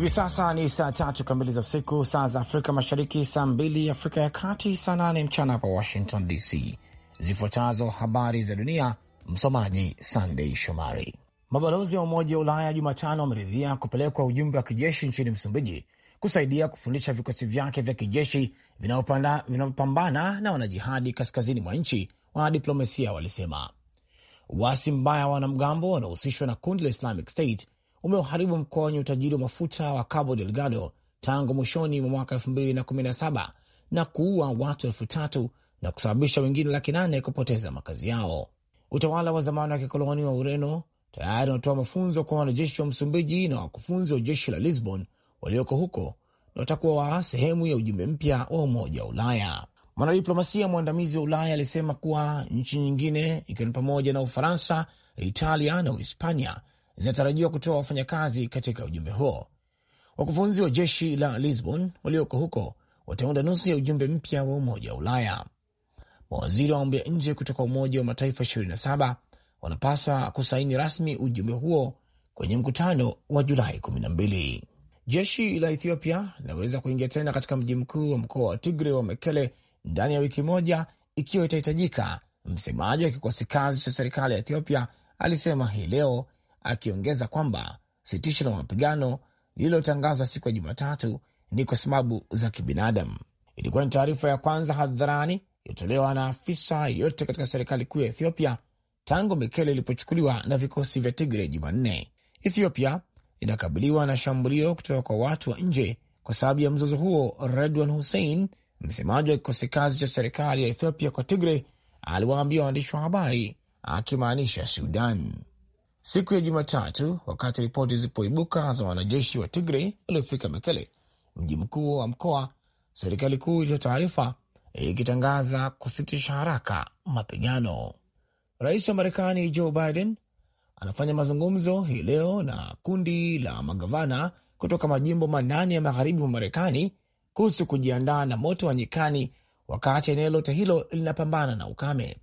Hivi sasa ni saa tatu kamili za usiku, saa za Afrika Mashariki, saa mbili Afrika ya Kati, saa nane mchana hapa Washington DC. Zifuatazo habari za dunia, msomaji Sandei Shomari. Mabalozi wa Umoja wa Ulaya Jumatano wameridhia kupelekwa ujumbe wa kijeshi nchini Msumbiji kusaidia kufundisha vikosi vyake vya kijeshi vinavyopambana na wanajihadi kaskazini mwa nchi, wanadiplomasia walisema. uwasi mbaya wa wanamgambo wanaohusishwa na kundi la Islamic State umeuharibu mkoa wenye utajiri wa mafuta wa Cabo Delgado tangu mwishoni mwa mwaka 2017 na kuua watu elfu tatu na kusababisha wengine laki nane kupoteza makazi yao. Utawala wa zamani wa kikoloni wa Ureno tayari unatoa mafunzo kwa wanajeshi wa Msumbiji na wakufunzi wa jeshi la Lisbon walioko huko na watakuwa sehemu ya ujumbe mpya wa Umoja wa Ulaya. Mwanadiplomasia mwandamizi wa Ulaya alisema kuwa nchi nyingine ikiwa ni pamoja na Ufaransa, Italia na Uhispania zinatarajiwa kutoa wafanyakazi katika ujumbe huo. Wakufunzi wa jeshi la Lisbon walioko huko wataunda nusu ya ujumbe mpya wa Umoja wa Ulaya. Mawaziri wa mambo ya nje kutoka Umoja wa Mataifa 27 wanapaswa kusaini rasmi ujumbe huo kwenye mkutano wa Julai 12. Jeshi la Ethiopia linaweza kuingia tena katika mji mkuu wa mkoa wa Tigre wa Mekele ndani ya wiki moja ikiwa itahitajika, msemaji wa kikosi kazi cha serikali ya Ethiopia alisema hii leo akiongeza kwamba sitisho la mapigano lililotangazwa siku ya Jumatatu ni kwa sababu za kibinadamu. Ilikuwa ni taarifa ya kwanza hadharani iliyotolewa na afisa yeyote katika serikali kuu ya Ethiopia tangu Mekele ilipochukuliwa na vikosi vya Tigre Jumanne. Ethiopia inakabiliwa na shambulio kutoka kwa watu wa nje kwa sababu ya mzozo huo. Redwan Hussein, msemaji wa kikosi kazi cha serikali ya Ethiopia kwa Tigre, aliwaambia waandishi wa habari, akimaanisha Sudan siku ya Jumatatu, wakati ripoti zilipoibuka za wanajeshi wa Tigrey waliofika Mekele, mji mkuu wa mkoa. Serikali kuu ilitoa taarifa ikitangaza kusitisha haraka mapigano. Rais wa Marekani Joe Biden anafanya mazungumzo hii leo na kundi la magavana kutoka majimbo manane ya magharibi mwa Marekani kuhusu kujiandaa na moto wa nyikani, wakati eneo lote hilo linapambana na ukame.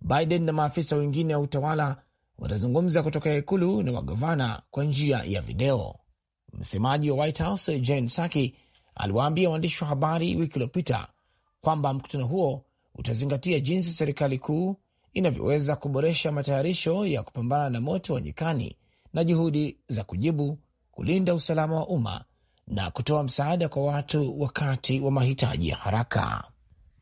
Biden na maafisa wengine wa utawala watazungumza kutoka ikulu na magavana kwa njia ya video. Msemaji wa White House Jen Psaki aliwaambia waandishi wa habari wiki iliyopita kwamba mkutano huo utazingatia jinsi serikali kuu inavyoweza kuboresha matayarisho ya kupambana na moto wa nyikani na juhudi za kujibu, kulinda usalama wa umma na kutoa msaada kwa watu wakati wa mahitaji ya haraka.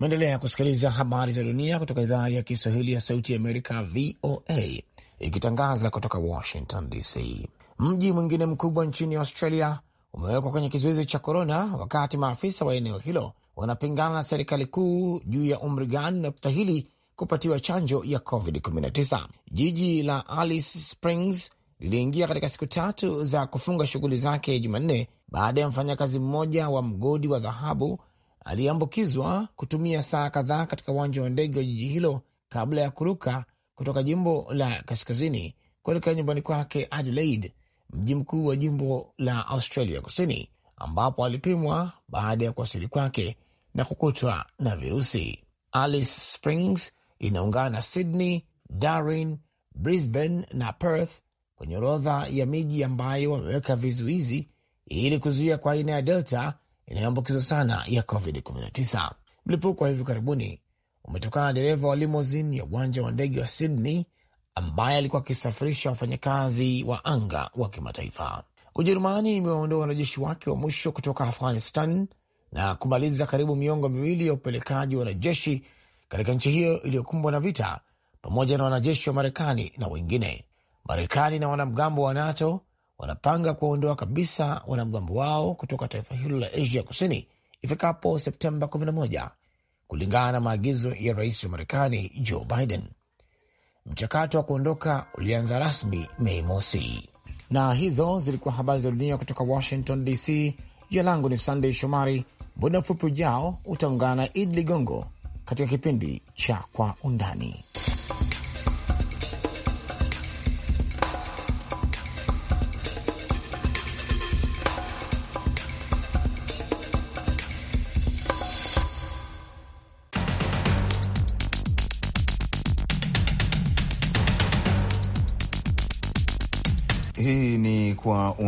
Maendelea kusikiliza habari za dunia kutoka idhaa ya Kiswahili ya Sauti ya Amerika, VOA, ikitangaza kutoka Washington DC. Mji mwingine mkubwa nchini Australia umewekwa kwenye kizuizi cha korona, wakati maafisa wa eneo hilo wanapingana na serikali kuu juu ya umri gani unastahili kupatiwa chanjo ya COVID-19. Jiji la Alice Springs liliingia katika siku tatu za kufunga shughuli zake Jumanne baada ya mfanyakazi mmoja wa mgodi wa dhahabu aliyeambukizwa kutumia saa kadhaa katika uwanja wa ndege wa jiji hilo kabla ya kuruka kutoka jimbo la kaskazini kuelekea nyumbani kwake Adelaide, mji mkuu wa jimbo la Australia Kusini, ambapo alipimwa baada ya kuwasili kwake na kukutwa na virusi. Alice Springs inaungana na Sydney, Darwin, Brisbane na Perth kwenye orodha ya miji ambayo wameweka vizuizi ili kuzuia kwa aina ya Delta inayoambukizwa sana ya COVID-19. Mlipuko wa hivi karibuni umetokana na dereva wa limosin ya uwanja wa ndege wa Sydney ambaye alikuwa akisafirisha wafanyakazi wa anga wa kimataifa. Ujerumani imewaondoa wanajeshi wake wa mwisho kutoka Afghanistan na kumaliza karibu miongo miwili ya upelekaji wa wanajeshi katika nchi hiyo iliyokumbwa na vita, pamoja na wanajeshi wa Marekani na wengine. Marekani na wanamgambo wa NATO wanapanga kuwaondoa kabisa wanamgambo wao kutoka taifa hilo la Asia kusini ifikapo Septemba 11 kulingana na maagizo ya rais wa Marekani Joe Biden. Mchakato wa kuondoka ulianza rasmi Mei mosi. Na hizo zilikuwa habari za dunia kutoka Washington DC. Jina langu ni Sandey Shomari. Muda mfupi ujao utaungana na Idi Ligongo katika kipindi cha Kwa Undani.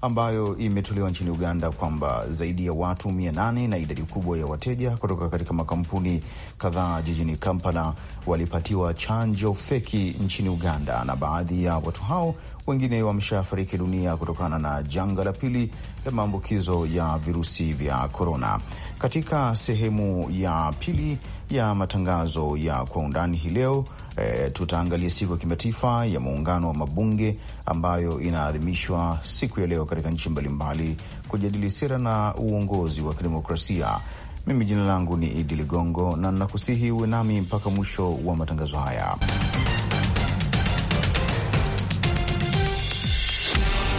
ambayo imetolewa nchini Uganda kwamba zaidi ya watu mia nane na idadi kubwa ya wateja kutoka katika makampuni kadhaa jijini Kampala walipatiwa chanjo feki nchini Uganda, na baadhi ya watu hao wengine wameshafariki dunia kutokana na janga la pili la maambukizo ya virusi vya korona. Katika sehemu ya pili ya matangazo ya kwa undani hii leo E, tutaangalia siku ya kimataifa ya muungano wa mabunge ambayo inaadhimishwa siku ya leo katika nchi mbalimbali kujadili sera na uongozi wa kidemokrasia. Mimi jina langu ni Idi Ligongo na nakusihi uwe nami mpaka mwisho wa matangazo haya.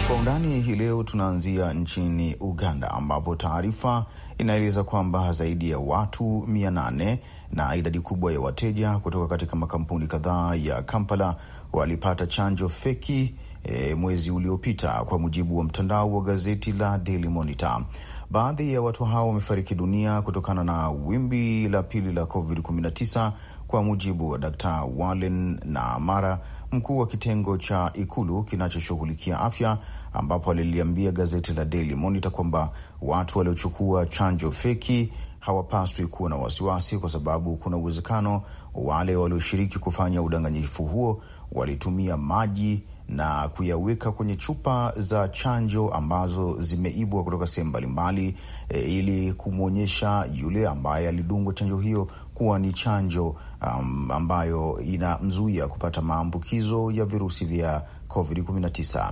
Kwa undani hii leo tunaanzia nchini Uganda ambapo taarifa inaeleza kwamba zaidi ya watu mia nane na idadi kubwa ya wateja kutoka katika makampuni kadhaa ya Kampala walipata chanjo feki e, mwezi uliopita, kwa mujibu wa mtandao wa gazeti la Daily Monitor. Baadhi ya watu hao wamefariki dunia kutokana na wimbi la pili la COVID-19 kwa mujibu wa Dkt Walen na mara mkuu wa kitengo cha ikulu kinachoshughulikia afya, ambapo aliliambia gazeti la Daily Monitor kwamba watu waliochukua chanjo feki hawapaswi kuwa na wasiwasi, kwa sababu kuna uwezekano wale walioshiriki kufanya udanganyifu huo walitumia maji na kuyaweka kwenye chupa za chanjo ambazo zimeibwa kutoka sehemu mbalimbali, e, ili kumwonyesha yule ambaye alidungwa chanjo hiyo kuwa ni chanjo um, ambayo inamzuia kupata maambukizo ya virusi vya COVID-19.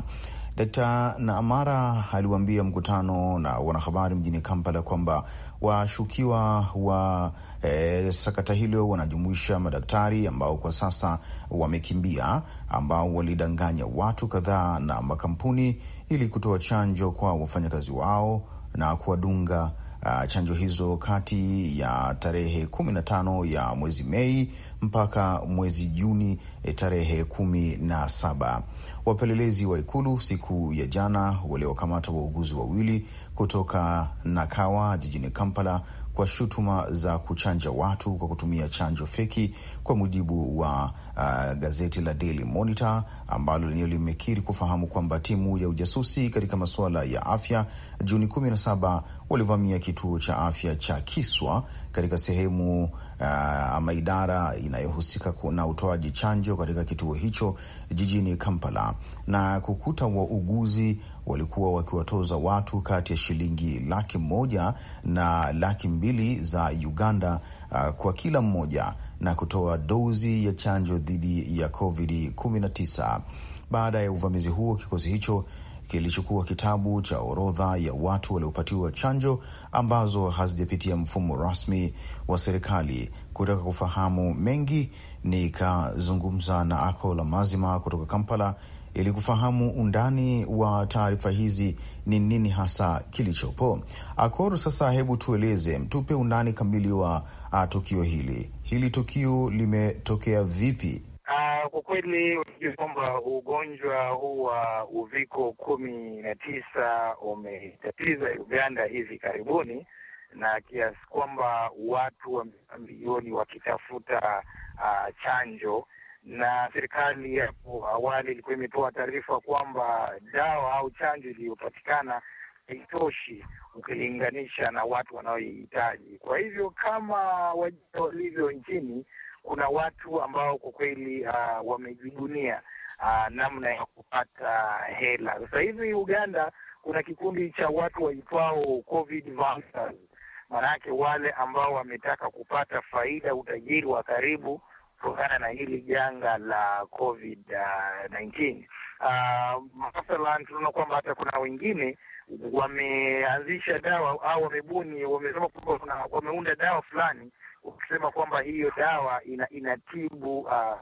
Dr. Naamara aliwaambia mkutano na wanahabari mjini Kampala kwamba washukiwa wa e, sakata hilo wanajumuisha madaktari ambao kwa sasa wamekimbia, ambao walidanganya watu kadhaa na makampuni ili kutoa chanjo kwa wafanyakazi wao na kuwadunga uh, chanjo hizo kati ya tarehe kumi na tano ya mwezi Mei mpaka mwezi Juni eh, tarehe kumi na saba. Wapelelezi wa ikulu siku ya jana waliokamata wauguzi wawili kutoka Nakawa jijini Kampala kwa shutuma za kuchanja watu kwa kutumia chanjo feki, kwa mujibu wa uh, gazeti la Daily Monitor ambalo lenyewe limekiri kufahamu kwamba timu ya ujasusi katika masuala ya afya Juni 17 walivamia kituo cha afya cha Kiswa katika sehemu uh, ama idara inayohusika na utoaji chanjo katika kituo hicho jijini Kampala na kukuta wauguzi walikuwa wakiwatoza watu kati ya shilingi laki moja na laki mbili za Uganda uh, kwa kila mmoja na kutoa dozi ya chanjo dhidi ya COVID-19. Baada ya uvamizi huo, kikosi hicho kilichukua kitabu cha orodha ya watu waliopatiwa chanjo ambazo hazijapitia mfumo rasmi wa serikali. Kutaka kufahamu mengi, nikazungumza na Akola Mazima kutoka Kampala ili kufahamu undani wa taarifa hizi ni nini hasa kilichopo. Akor, sasa hebu tueleze, mtupe undani kamili wa a, tukio hili. Hili tukio limetokea vipi? Kwa kweli unajua kwamba ugonjwa huu wa uviko kumi na tisa umetatiza Uganda hivi karibuni, na kiasi kwamba watu wa milioni wakitafuta uh, chanjo na serikali hapo awali ilikuwa imetoa taarifa kwamba dawa au chanjo iliyopatikana haitoshi ukilinganisha na watu wanaohitaji Kwa hivyo kama wajia walivyo nchini, kuna watu ambao kwa kweli uh, ah, wamejigunia uh, ah, namna ya kupata hela. Sasa hivi Uganda kuna kikundi cha watu waitwao covid maanake wale ambao wametaka kupata faida, utajiri wa karibu kutokana na hili janga la COVID 19. Uh, ah, mathalan tunaona kwamba hata kuna wengine wameanzisha dawa au wamebuni, wamesema kwamba wameunda dawa fulani wakisema kwamba hiyo dawa ina, inatibu uh,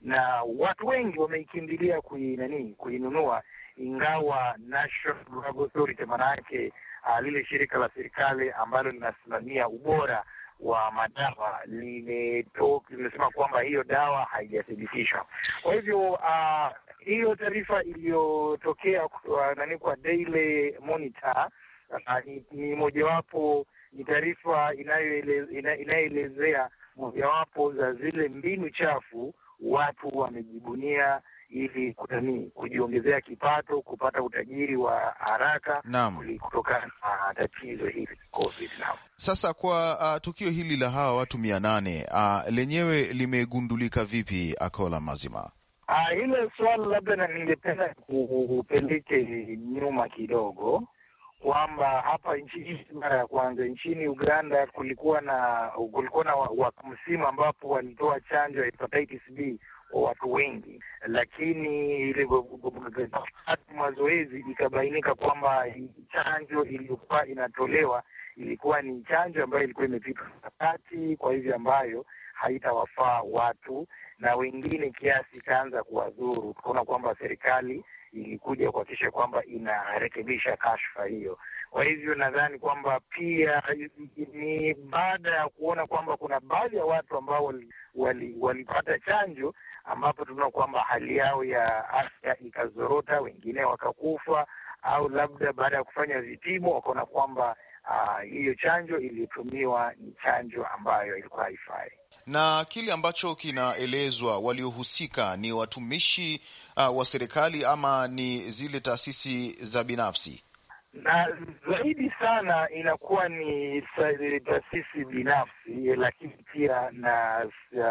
na watu wengi wameikimbilia kuinani kuinunua, ingawa National Drug Authority maana yake uh, lile shirika la serikali ambalo linasimamia ubora wa madawa limesema kwamba hiyo dawa haijathibitishwa. Kwa hivyo uh, hiyo taarifa iliyotokea nani kwa Daily Monitor uh, ni, ni mojawapo ni taarifa inayoelezea inayoelezea mojawapo za zile mbinu chafu watu wamejibunia ili kutani kujiongezea kipato, kupata utajiri wa haraka kutokana na tatizo hili COVID. Naam, sasa kwa uh, tukio hili la hawa watu mia nane uh, lenyewe limegundulika vipi, Akola Mazima? Uh, ah, ile swali labda na ningependa kupeleke nyuma kidogo kwamba hapa nchini mara ya kwanza nchini Uganda kulikuwa na kulikuwa na wa, wa msimu ambapo walitoa chanjo ya hepatitis B watu wengi, lakini ile mazoezi ikabainika kwamba chanjo iliyokuwa inatolewa ilikuwa ni chanjo ambayo ilikuwa imepita wakati, kwa hivyo ambayo haitawafaa watu na wengine, kiasi ikaanza kuwadhuru. Tukaona kwamba serikali ilikuja kuhakikisha kwamba inarekebisha kashfa hiyo, kwa hivyo nadhani kwamba pia ni baada ya kuona kwamba kuna baadhi ya watu ambao walipata wali, wali chanjo ambapo tunaona kwamba hali yao ya afya ikazorota, wengine wakakufa, au labda baada ya kufanya vipimo wakaona kwamba ah, hiyo uh, chanjo iliyotumiwa ni chanjo ambayo ilikuwa haifai na kile ambacho kinaelezwa waliohusika ni watumishi uh, wa serikali ama ni zile taasisi za binafsi na zaidi sana inakuwa ni eh, taasisi binafsi, lakini pia na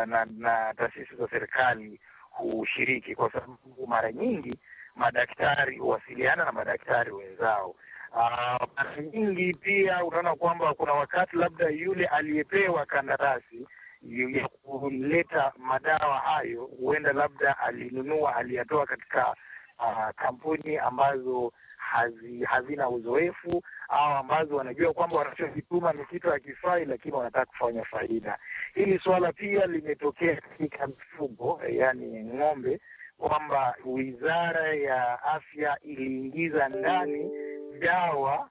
na, na taasisi za serikali hushiriki, kwa sababu mara nyingi madaktari huwasiliana na madaktari wenzao. Ah, mara uh, nyingi pia unaona kwamba kuna wakati labda yule aliyepewa kandarasi ya kuleta madawa hayo huenda labda alinunua aliyatoa katika uh, kampuni ambazo hazi, hazina uzoefu au ambazo wanajua kwamba wanachokituma ni kitu hakifai, lakini wanataka kufanya faida. Hili suala pia limetokea katika mifugo, yani ng'ombe, kwamba Wizara ya Afya iliingiza ndani dawa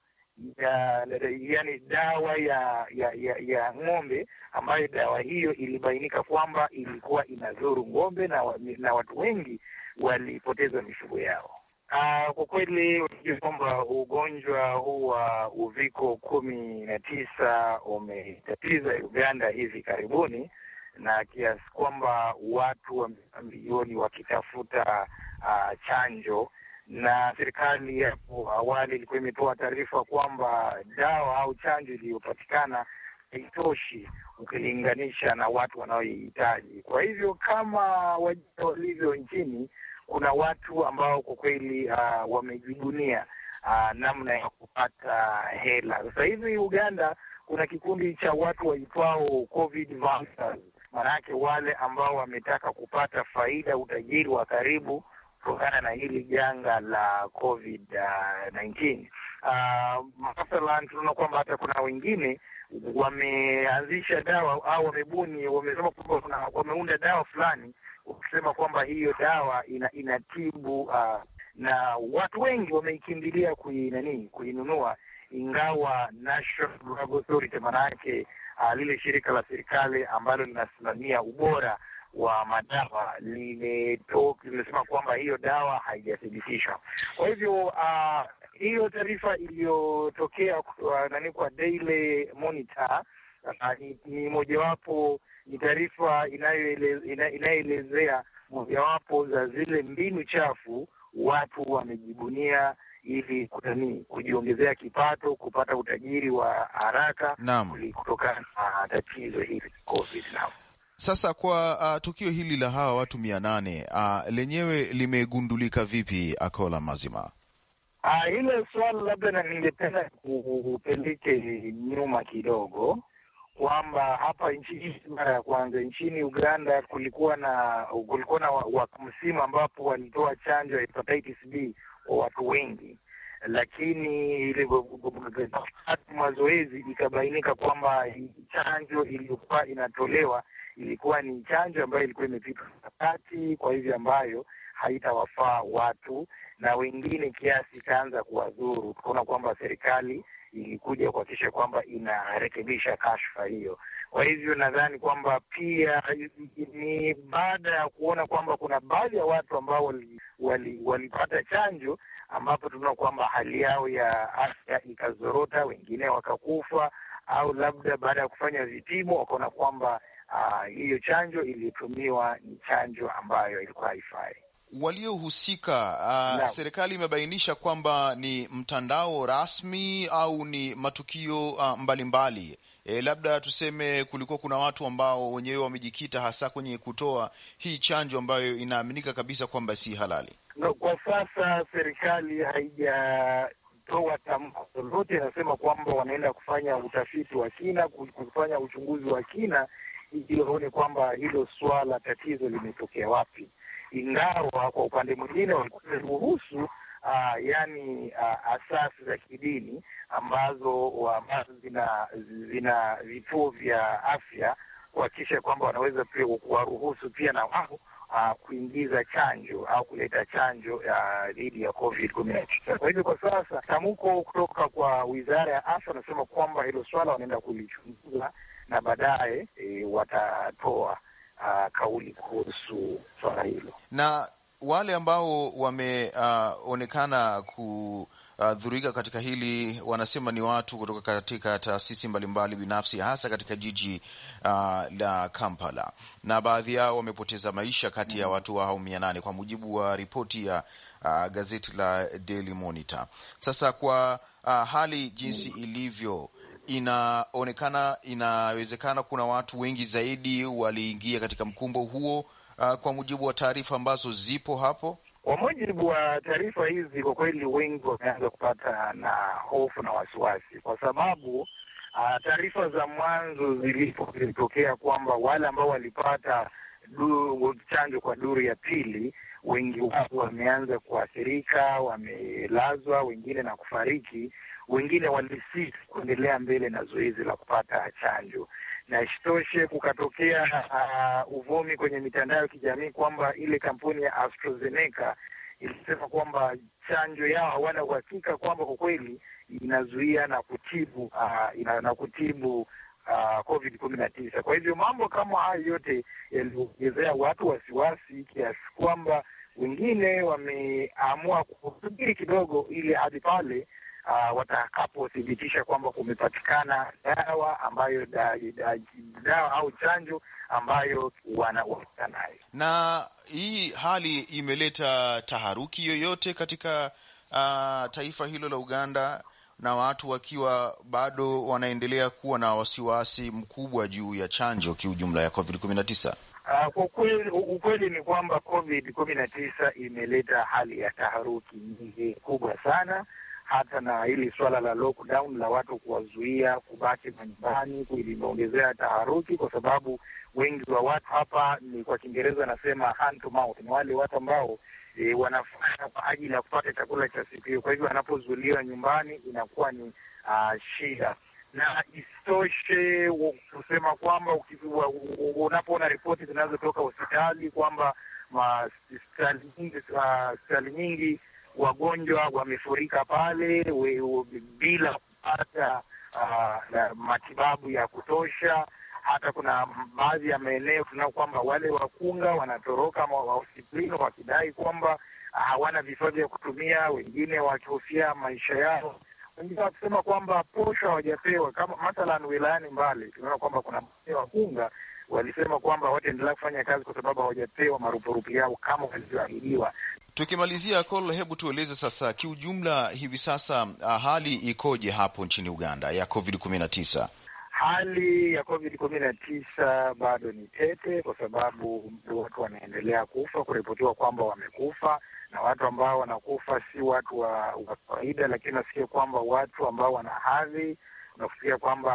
ya, yani dawa ya ya ya, ya ng'ombe ambayo dawa hiyo ilibainika kwamba ilikuwa inadhuru ng'ombe na, na watu wengi walipoteza mifugo yao. Uh, kwa kweli unajua kwamba ugonjwa huu wa uviko kumi na tisa umetatiza Uganda hivi karibuni, na kiasi kwamba watu wa milioni wakitafuta uh, chanjo, na serikali hapo awali ilikuwa imetoa taarifa kwamba dawa au chanjo iliyopatikana haitoshi ukilinganisha na watu wanaoihitaji. Kwa hivyo kama wajia walivyo nchini kuna watu ambao kwa kweli uh, ah, wamejigunia uh, ah, namna ya kupata hela. Sasa hivi Uganda kuna kikundi cha watu waitwao covid maanake wale ambao wametaka kupata faida, utajiri wa karibu kutokana na hili janga la covid uh, 19. Uh, mathalan tunaona kwamba hata kuna wengine wameanzisha dawa au wamebuni, wamesema kwamba wameunda dawa fulani, wakisema kwamba hiyo dawa ina, inatibu uh, na watu wengi wameikimbilia kuinanii kuinunua, ingawa National Drug Authority maana yake uh, lile shirika la serikali ambalo linasimamia ubora wa madawa limesema kwamba hiyo dawa haijathibitishwa. Kwa hivyo uh, hiyo taarifa iliyotokea nani kwa Daily Monitor uh, ni, ni mojawapo ni taarifa inayoelezea mojawapo za zile mbinu chafu watu wamejibunia ili kutani kujiongezea kipato, kupata utajiri wa haraka kutokana na tatizo hili COVID. Sasa kwa uh, tukio hili la hawa watu mia nane uh, lenyewe limegundulika vipi? Akola mazima Ah, hilo swali labda na ningependa kupeleke nyuma kidogo, kwamba hapa nchini mara ya kwanza nchini Uganda kulikuwa na kulikuwa na wa, msimu ambapo walitoa chanjo ya hepatitis B kwa watu wengi, lakini ile mazoezi ikabainika kwamba chanjo iliyokuwa inatolewa ilikuwa ni chanjo ambayo ilikuwa imepita wakati, kwa hivyo ambayo haitawafaa watu na wengine, kiasi ikaanza kuwadhuru. Tukaona kwamba serikali ilikuja kuhakikisha kwamba inarekebisha kashfa hiyo. Kwa hivyo nadhani kwamba pia ni baada ya kuona kwamba kuna baadhi ya watu ambao walipata wali chanjo, ambapo tunaona kwamba hali yao ya afya ikazorota, wengine wakakufa, au labda baada ya kufanya vipimo wakaona kwamba uh, hiyo chanjo iliyotumiwa ni chanjo ambayo ilikuwa haifai waliohusika uh, Serikali imebainisha kwamba ni mtandao rasmi au ni matukio uh, mbalimbali. E, labda tuseme kulikuwa kuna watu ambao wenyewe wamejikita hasa kwenye kutoa hii chanjo ambayo inaaminika kabisa kwamba si halali. No, kwa sasa serikali haijatoa tamko lolote, inasema kwamba wanaenda kufanya utafiti wa kina, kufanya uchunguzi wa kina ili waone kwamba hilo swala tatizo limetokea wapi ingawa kwa upande mwingine walikuwa ruhusu Uh, ah, yani uh, asasi za kidini ambazo ambazo zina zina vituo vya afya kuhakikisha kwamba wanaweza pia kuwaruhusu pia na wao uh, kuingiza chanjo au kuleta chanjo dhidi uh, ya Covid kumi na tisa. Kwa hivyo kwa sasa tamko kutoka kwa Wizara ya Afya wanasema kwamba hilo swala wanaenda kulichunguza na baadaye e, watatoa uh, kauli kuhusu swala hilo, na wale ambao wameonekana ah, uh, ku Uh, dhurika katika hili wanasema ni watu kutoka katika taasisi mbalimbali binafsi hasa katika jiji uh, la Kampala, na baadhi yao wamepoteza maisha kati ya mm. watu hao mia nane kwa mujibu wa ripoti ya uh, gazeti la Daily Monitor. Sasa kwa uh, hali jinsi mm. ilivyo inaonekana inawezekana kuna watu wengi zaidi waliingia katika mkumbo huo, uh, kwa mujibu wa taarifa ambazo zipo hapo. Kwa mujibu wa taarifa hizi, kwa kweli wengi wameanza kupata na hofu na wasiwasi, kwa sababu uh, taarifa za mwanzo zilipo zilitokea kwamba wale ambao walipata chanjo kwa duru ya pili wengi wao wameanza kuathirika, wamelazwa wengine na kufariki, wengine walisisi kuendelea mbele na zoezi la kupata chanjo na isitoshe kukatokea uh, uvumi kwenye mitandao ya kijamii kwamba ile kampuni ya AstraZeneca ilisema kwamba chanjo yao hawana uhakika kwamba kwa kweli inazuia na kutibu uh, ina, na kutibu uh, COVID kumi na tisa. Kwa hivyo mambo kama hayo yote yaliongezea watu wasiwasi kiasi kwamba wengine wameamua kusubiri kidogo, ili hadi pale uh, ah, watakapothibitisha kwamba kumepatikana dawa ambayo da, da, dawa au chanjo ambayo wanauhusika nayo. Na hii hali imeleta taharuki yoyote katika uh, taifa hilo la Uganda, na watu wakiwa bado wanaendelea kuwa na wasiwasi mkubwa juu ya chanjo kiujumla ya Covid kumi ah, na tisa. kwa ukweli, ukweli ni kwamba Covid kumi na tisa imeleta hali ya taharuki nyingi kubwa sana hata na hili swala la lockdown la watu kuwazuia kubaki manyumbani limeongezea taharuki, kwa sababu wengi wa watu hapa ni kwa Kiingereza anasema hand to mouth, ni wale watu ambao e, wanafanya kwa ajili ya kupata chakula cha siku hiyo. Kwa hivyo wanapozuiliwa nyumbani inakuwa ni uh, shida na isitoshe kusema kwamba unapoona ripoti zinazotoka hospitali kwamba hospitali nyingi wagonjwa wamefurika pale we, we, bila kupata uh, matibabu ya kutosha. Hata kuna baadhi ya maeneo tunao kwamba wale wakunga wanatoroka mahospitalini wakidai kwamba hawana uh, vifaa vya kutumia, wengine wakihofia maisha yao, wengine wakisema kwamba posho hawajapewa. Kama mathalan wilayani Mbale tunaona kwamba kuna wakunga walisema kwamba wataendelea kufanya kazi kwa sababu hawajapewa marupurupu yao kama walivyoahidiwa. Tukimalizia l hebu tueleze sasa kiujumla, hivi sasa ah, hali ikoje hapo nchini Uganda ya Covid kumi na tisa? Hali ya Covid kumi na tisa bado ni tete, kwa sababu watu wanaendelea kufa, kuripotiwa kwamba wamekufa, na watu ambao wanakufa si watu wa kawaida, lakini nasikia kwamba watu ambao wana hadhi unafikiria kwamba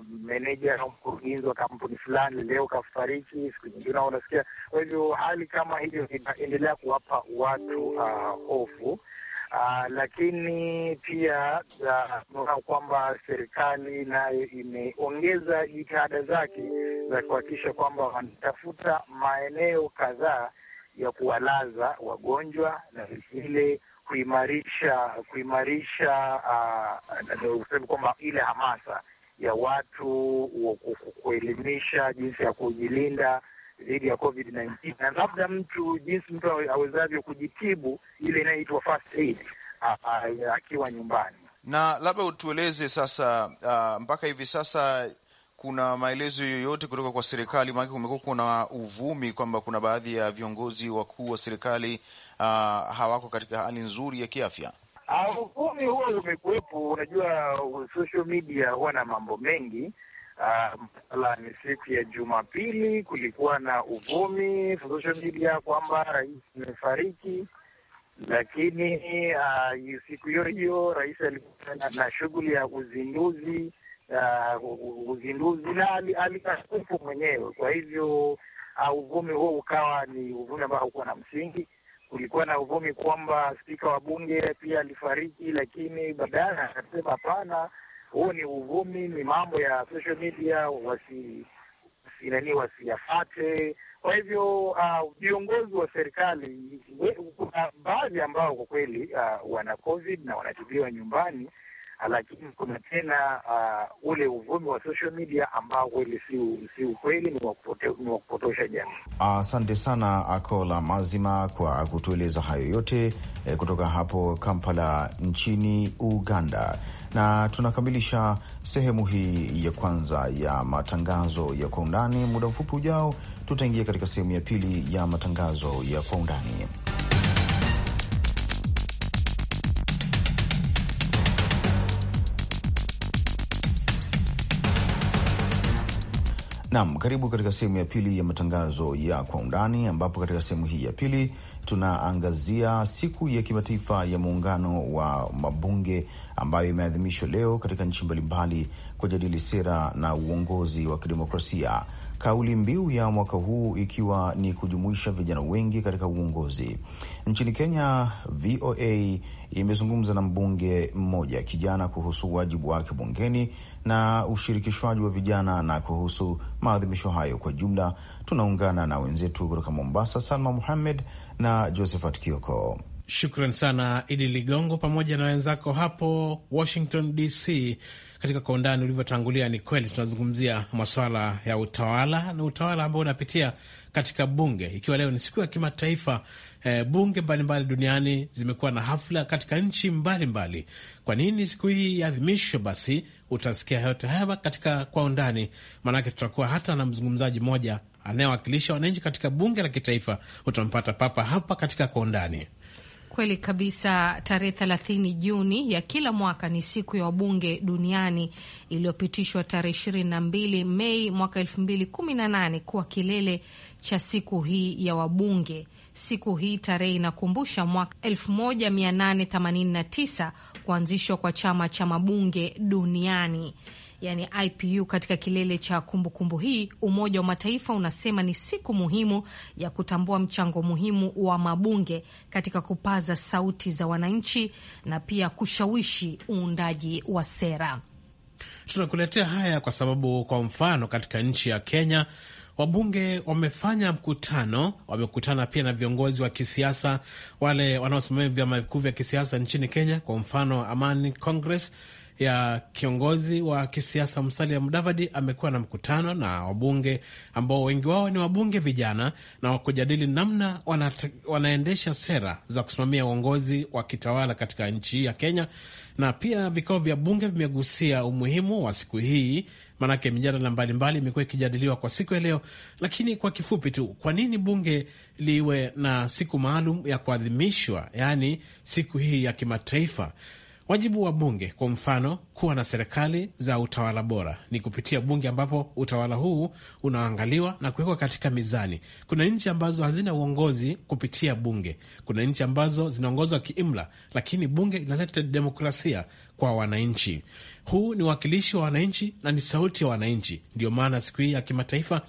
uh, meneja au mkurugenzi wa kampuni fulani leo kafariki, siku nyingine unasikia. Kwa hivyo hali kama hiyo inaendelea kuwapa watu ah, hofu uh, Uh, lakini pia tunaona uh, kwamba serikali nayo imeongeza jitihada zake za kuhakikisha kwamba wanatafuta maeneo kadhaa ya kuwalaza wagonjwa na vilevile kuimarisha kuimarisha uh, kwamba ile hamasa ya watu kuelimisha jinsi ya kujilinda dhidi ya Covid 19 na labda mtu jinsi mtu awezavyo kujitibu ile inayoitwa first aid ah, ah, akiwa nyumbani. Na labda utueleze sasa, uh, mpaka hivi sasa kuna maelezo yoyote kutoka kwa serikali? Maanake kumekuwa kuna uvumi kwamba kuna baadhi ya viongozi wakuu wa serikali Uh, hawako katika hali nzuri ya kiafya? Uvumi huo umekuwepo. Unajua, uh, social media huwa na mambo mengi. Mfala uh, ni siku ya Jumapili kulikuwa na uvumi social media kwamba rais amefariki, lakini uh, siku hiyo hiyo rais alikuwa na, na shughuli ya uzinduzi uh, uzinduzi na alikuwepo mwenyewe. Kwa hivyo uh, uvumi huo ukawa ni uvumi ambao haukuwa na msingi kulikuwa na uvumi kwamba spika wa bunge pia alifariki, lakini baadaye akasema hapana, huu ni uvumi, ni mambo ya social media, wasi nani wasiyafate. Kwa hivyo ah, viongozi uh, wa serikali kuna baadhi ambao kwa kweli uh, wana covid na wanatibiwa nyumbani Ah, lakini kuna tena uh, ule uvumi wa social media ambao kweli si ukweli, ni wa kupotosha jamii. Asante sana Akola Mazima kwa kutueleza hayo yote eh, kutoka hapo Kampala nchini Uganda. Na tunakamilisha sehemu hii ya kwanza ya matangazo ya kwa undani. Muda mfupi ujao, tutaingia katika sehemu ya pili ya matangazo ya kwa undani. Naam, karibu katika sehemu ya pili ya matangazo ya kwa undani, ambapo katika sehemu hii ya pili tunaangazia siku ya kimataifa ya muungano wa mabunge ambayo imeadhimishwa leo katika nchi mbalimbali kujadili sera na uongozi wa kidemokrasia kauli mbiu ya mwaka huu ikiwa ni kujumuisha vijana wengi katika uongozi. Nchini Kenya, VOA imezungumza na mbunge mmoja kijana kuhusu wajibu wake bungeni na ushirikishwaji wa vijana na kuhusu maadhimisho hayo kwa jumla. Tunaungana na wenzetu kutoka Mombasa, Salma Muhammed na Josephat Kioko. Shukran sana Idi Ligongo pamoja na wenzako hapo Washington DC. Katika kwa undani ulivyotangulia, ni kweli tunazungumzia maswala ya utawala na utawala ambao unapitia katika bunge, ikiwa leo ni siku ya kimataifa eh, bunge mbalimbali duniani zimekuwa na hafla katika nchi mbalimbali. Kwa nini siku hii iadhimishwe? Basi utasikia yote haya katika kwa undani, maanake tutakuwa hata na mzungumzaji mmoja anayewakilisha wananchi katika bunge la kitaifa, utampata papa hapa katika kwa undani. Kweli kabisa. Tarehe thelathini Juni ya kila mwaka ni siku ya wabunge duniani iliyopitishwa tarehe 22 Mei mwaka nane kuwa kilele cha siku hii ya wabunge. Siku hii tarehe inakumbusha mwaka 1889 kuanzishwa kwa chama cha mabunge duniani yani IPU katika kilele cha kumbukumbu kumbu hii, Umoja wa Mataifa unasema ni siku muhimu ya kutambua mchango muhimu wa mabunge katika kupaza sauti za wananchi na pia kushawishi uundaji wa sera. Tunakuletea haya kwa sababu, kwa mfano, katika nchi ya Kenya wabunge wamefanya mkutano, wamekutana pia na viongozi wa kisiasa wale wanaosimamia vyama vikuu vya kisiasa nchini Kenya, kwa mfano Amani Congress ya kiongozi wa kisiasa Musalia Mudavadi amekuwa na mkutano na wabunge ambao wengi wao ni wabunge vijana na wakujadili namna wanata, wanaendesha sera za kusimamia uongozi wa kitawala katika nchi ya Kenya. Na pia vikao vya bunge vimegusia umuhimu wa siku hii, maanake mijadala mbalimbali imekuwa ikijadiliwa kwa siku ya leo. Lakini kwa kifupi tu, kwa nini bunge liwe na siku maalum ya kuadhimishwa, yaani siku hii ya kimataifa Wajibu wa bunge kwa mfano, kuwa na serikali za utawala bora ni kupitia bunge, ambapo utawala huu unaangaliwa na kuwekwa katika mizani. Kuna nchi ambazo hazina uongozi kupitia bunge, kuna nchi ambazo zinaongozwa kiimla, lakini bunge inaleta demokrasia kwa wananchi. Huu ni uwakilishi wa wananchi na ni sauti ya wananchi. Ndio maana siku hii ya kimataifa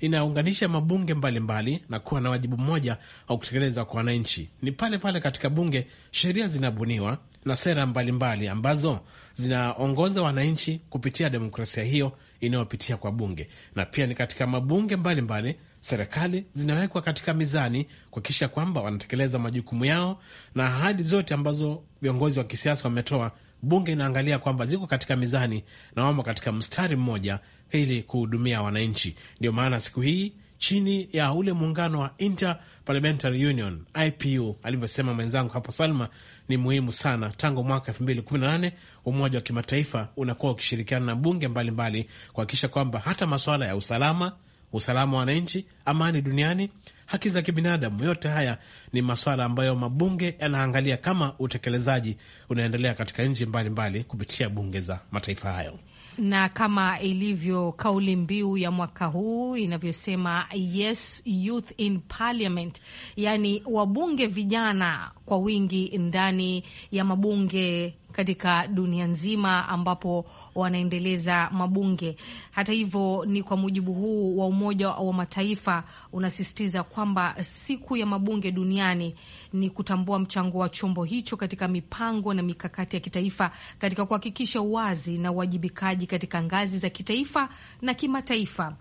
inaunganisha mabunge mbalimbali mbali, na kuwa na wajibu mmoja wa kutekeleza kwa wananchi. Ni pale pale katika bunge sheria zinabuniwa na sera mbalimbali mbali ambazo zinaongoza wananchi kupitia demokrasia hiyo inayopitia kwa bunge, na pia ni katika mabunge mbalimbali mbali, serikali zinawekwa katika mizani kuhakikisha kwamba wanatekeleza majukumu yao na ahadi zote ambazo viongozi wa kisiasa wametoa. Bunge inaangalia kwamba ziko katika mizani na wamo katika mstari mmoja ili kuhudumia wananchi. Ndio maana siku hii chini ya ule muungano wa Inter Parliamentary Union IPU, alivyosema mwenzangu hapo Salma, ni muhimu sana. Tangu mwaka 2018 Umoja wa Kimataifa unakuwa ukishirikiana na bunge mbalimbali kuhakikisha kwamba hata masuala ya usalama, usalama wa wananchi, amani duniani, haki za kibinadamu, yote haya ni masuala ambayo mabunge yanaangalia kama utekelezaji unaendelea katika nchi mbalimbali kupitia bunge za mataifa hayo na kama ilivyo kauli mbiu ya mwaka huu inavyosema Yes Youth in Parliament, yaani wabunge vijana kwa wingi ndani ya mabunge katika dunia nzima ambapo wanaendeleza mabunge. Hata hivyo, ni kwa mujibu huu wa Umoja wa Mataifa unasisitiza kwamba siku ya mabunge duniani ni kutambua mchango wa chombo hicho katika mipango na mikakati ya kitaifa katika kuhakikisha uwazi na uwajibikaji katika ngazi za kitaifa na kimataifa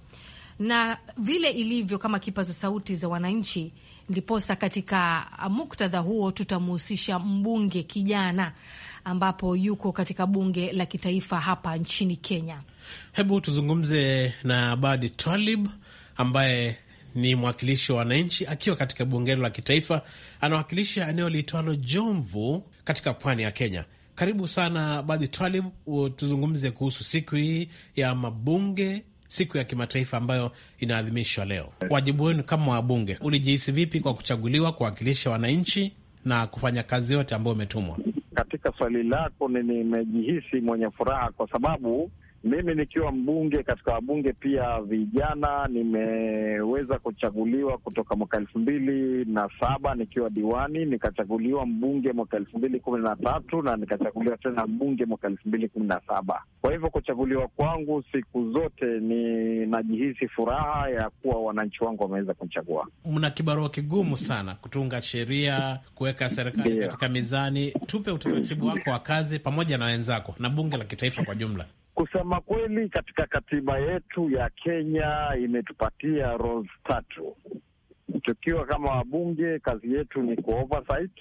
na vile ilivyo kama kipaza sauti za wananchi. Ndiposa katika muktadha huo tutamuhusisha mbunge kijana ambapo yuko katika bunge la kitaifa hapa nchini Kenya. Hebu tuzungumze na Badi Twalib ambaye ni mwakilishi wa wananchi akiwa katika bunge la kitaifa, anawakilisha eneo liitwalo Jomvu katika pwani ya Kenya. Karibu sana Badi Twalib, tuzungumze kuhusu siku hii ya mabunge, siku ya kimataifa ambayo inaadhimishwa leo. Wajibu wenu kama wabunge, ulijihisi vipi kwa kuchaguliwa kuwakilisha wananchi na kufanya kazi yote ambayo umetumwa? katika swali lako, nimejihisi mwenye furaha kwa sababu mimi nikiwa mbunge katika wabunge pia vijana, nimeweza kuchaguliwa kutoka mwaka elfu mbili na saba nikiwa diwani, nikachaguliwa mbunge mwaka elfu mbili kumi na tatu na nikachaguliwa tena mbunge mwaka elfu mbili kumi na saba. Kwa hivyo kuchaguliwa kwangu siku zote ninajihisi furaha ya kuwa wananchi wangu wameweza kunichagua. Mna kibarua kigumu sana kutunga sheria, kuweka serikali katika mizani. Tupe utaratibu wako wa kazi pamoja na wenzako na bunge la kitaifa kwa jumla. Kusema kweli, katika katiba yetu ya Kenya imetupatia roles tatu. Tukiwa kama wabunge, kazi yetu ni ku-oversight,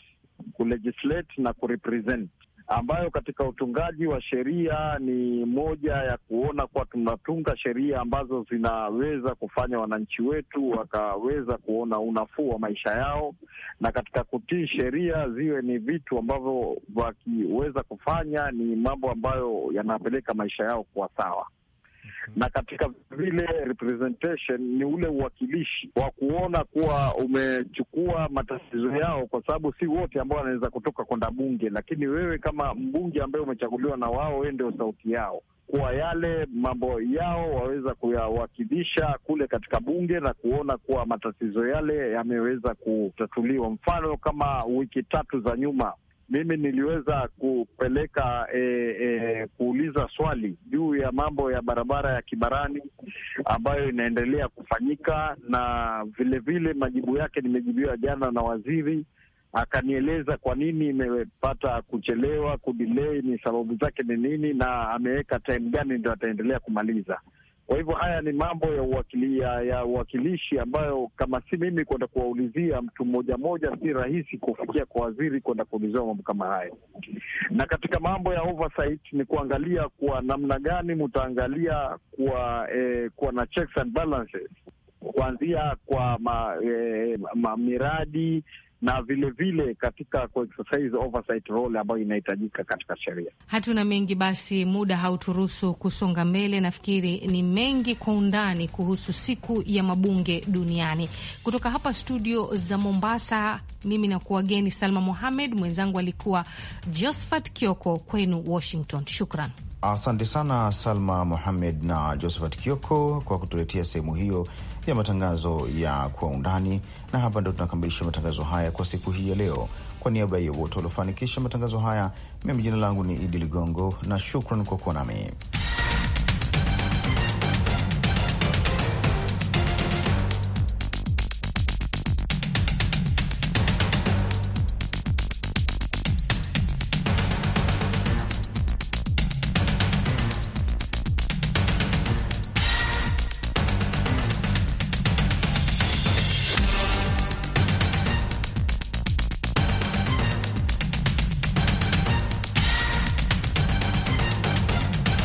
na kurepresent ambayo katika utungaji wa sheria ni moja ya kuona kuwa tunatunga sheria ambazo zinaweza kufanya wananchi wetu wakaweza kuona unafuu wa maisha yao, na katika kutii sheria ziwe ni vitu ambavyo wakiweza kufanya ni mambo ambayo yanapeleka maisha yao kuwa sawa na katika vile representation ni ule uwakilishi wa kuona kuwa umechukua matatizo yao, kwa sababu si wote ambao wanaweza kutoka kwenda bunge, lakini wewe kama mbunge ambaye umechaguliwa na wao, wewe ndio sauti yao kuwa yale mambo yao waweza kuyawakilisha kule katika bunge na kuona kuwa matatizo yale yameweza kutatuliwa. Mfano, kama wiki tatu za nyuma mimi niliweza kupeleka e, e, kuuliza swali juu ya mambo ya barabara ya Kibarani ambayo inaendelea kufanyika, na vilevile vile majibu yake nimejibiwa jana na waziri akanieleza kwa nini imepata kuchelewa kudilei, ni sababu zake ni nini, na ameweka time gani ndio ataendelea kumaliza. Kwa hivyo haya ni mambo ya uwakilia, ya uwakilishi ambayo kama si mimi kwenda kuwaulizia mtu mmoja mmoja, si rahisi kufikia kwa waziri kwenda kuulizia mambo kama haya Na katika mambo ya oversight ni kuangalia kwa namna gani mtaangalia kuwa, eh, kuwa na checks and balances kuanzia kwa ma, eh, ma miradi na vile vile katika oversight role ambayo inahitajika katika sheria. Hatuna mengi, basi muda hauturuhusu kusonga mbele. Nafikiri ni mengi kwa undani kuhusu siku ya mabunge duniani. Kutoka hapa studio za Mombasa, mimi nakuwa geni Salma Mohamed, mwenzangu alikuwa Josephat Kioko, kwenu Washington. Shukran. Asante sana Salma Mohamed na Josephat Kioko kwa kutuletea sehemu hiyo ya matangazo ya kwa undani, na hapa ndo tunakamilisha matangazo haya kwa siku hii ya leo. Kwa niaba ya wote waliofanikisha matangazo haya, mimi jina langu ni Idi Ligongo na shukran kwa kuwa nami.